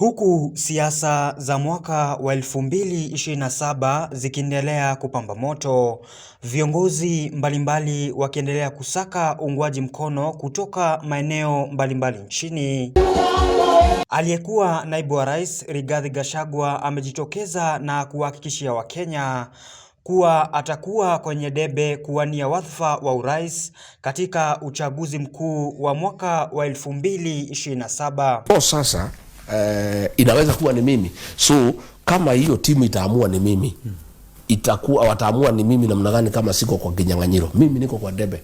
Huku siasa za mwaka wa 2027 zikiendelea kupamba moto, viongozi mbalimbali wakiendelea kusaka uungwaji mkono kutoka maeneo mbalimbali nchini. Aliyekuwa naibu wa rais Rigathi Gachagua amejitokeza na kuwahakikishia Wakenya kuwa atakuwa kwenye debe kuwania wadhifa wa urais katika uchaguzi mkuu wa mwaka wa 2027. Oh, sasa eh, inaweza kuwa ni mimi. So kama hiyo timu itaamua ni mimi itakuwa wataamua ni mimi namna gani, kama siko kwa kinyang'anyiro, mimi niko kwa debe.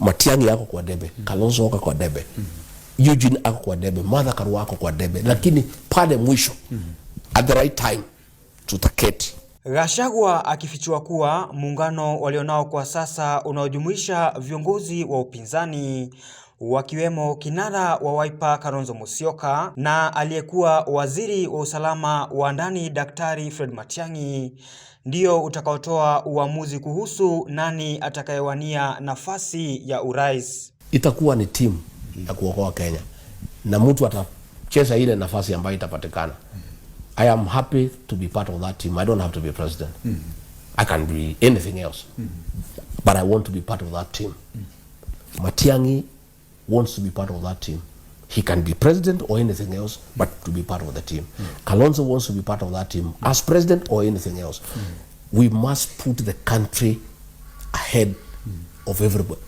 Matiang'i yako kwa debe hmm. Kalonzo wako kwa debe hmm. Eugene ako kwa debe, Martha Karua ako kwa debe, lakini pale mwisho hmm. at the right time tutaketi Gachagua akifichua kuwa muungano walionao kwa sasa unaojumuisha viongozi wa upinzani wakiwemo kinara wa Wiper Kalonzo Musyoka na aliyekuwa waziri wa usalama wa ndani Daktari Fred Matiang'i ndio utakaotoa uamuzi kuhusu nani atakayewania nafasi ya urais. Itakuwa ni timu ya kuokoa Kenya na mtu atacheza ile nafasi ambayo itapatikana. I am happy to be part of that team. I don't have to be president. I can be anything else. But I want to be part of that team. Matiang'i wants to be part of that team. He can be president or anything else, but to be part of the team. Mm. Kalonzo wants to be part of that team as president or anything else. Mm. We must put the country ahead of,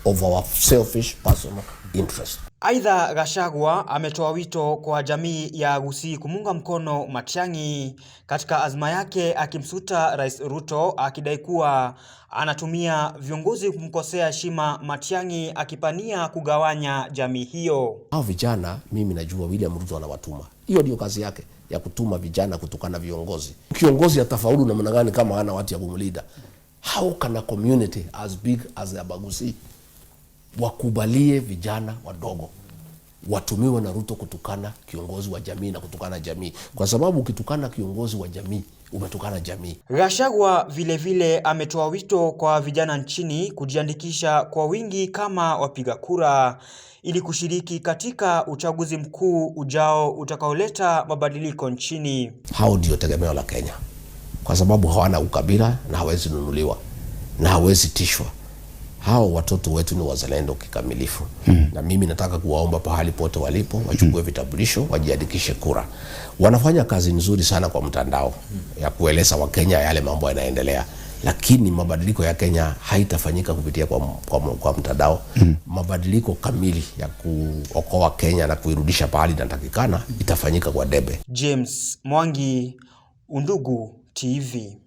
of our selfish personal interest. Aidha, Gachagua ametoa wito kwa jamii ya Gusii kumunga mkono Matiang'i katika azma yake, akimsuta Rais Ruto akidai kuwa anatumia viongozi kumkosea heshima Matiang'i, akipania kugawanya jamii hiyo. Hao vijana, mimi najua William Ruto anawatuma, hiyo ndio kazi yake ya kutuma vijana kutukana viongozi. Kiongozi atafaulu namna gani kama hana watu ya kumlinda? How can a community as big as Abagusi wakubalie vijana wadogo watumiwe na Ruto kutukana kiongozi wa jamii na kutukana jamii, kwa sababu ukitukana kiongozi wa jamii umetukana jamii. gashagwa vilevile ametoa wito kwa vijana nchini kujiandikisha kwa wingi kama wapiga kura ili kushiriki katika uchaguzi mkuu ujao utakaoleta mabadiliko nchini. Hao ndio tegemeo la Kenya kwa sababu hawana ukabila na hawezi nunuliwa na hawezi tishwa. Hao watoto wetu ni wazalendo kikamilifu hmm. Na mimi nataka kuwaomba pahali pote walipo wachukue hmm. vitambulisho, wajiandikishe kura. Wanafanya kazi nzuri sana kwa mtandao ya kueleza Wakenya yale mambo yanaendelea, lakini mabadiliko ya Kenya haitafanyika kupitia kwa, kwa, kwa mtandao hmm. Mabadiliko kamili ya kuokoa Kenya na kuirudisha pahali inatakikana itafanyika kwa debe. James Mwangi, Undugu TV.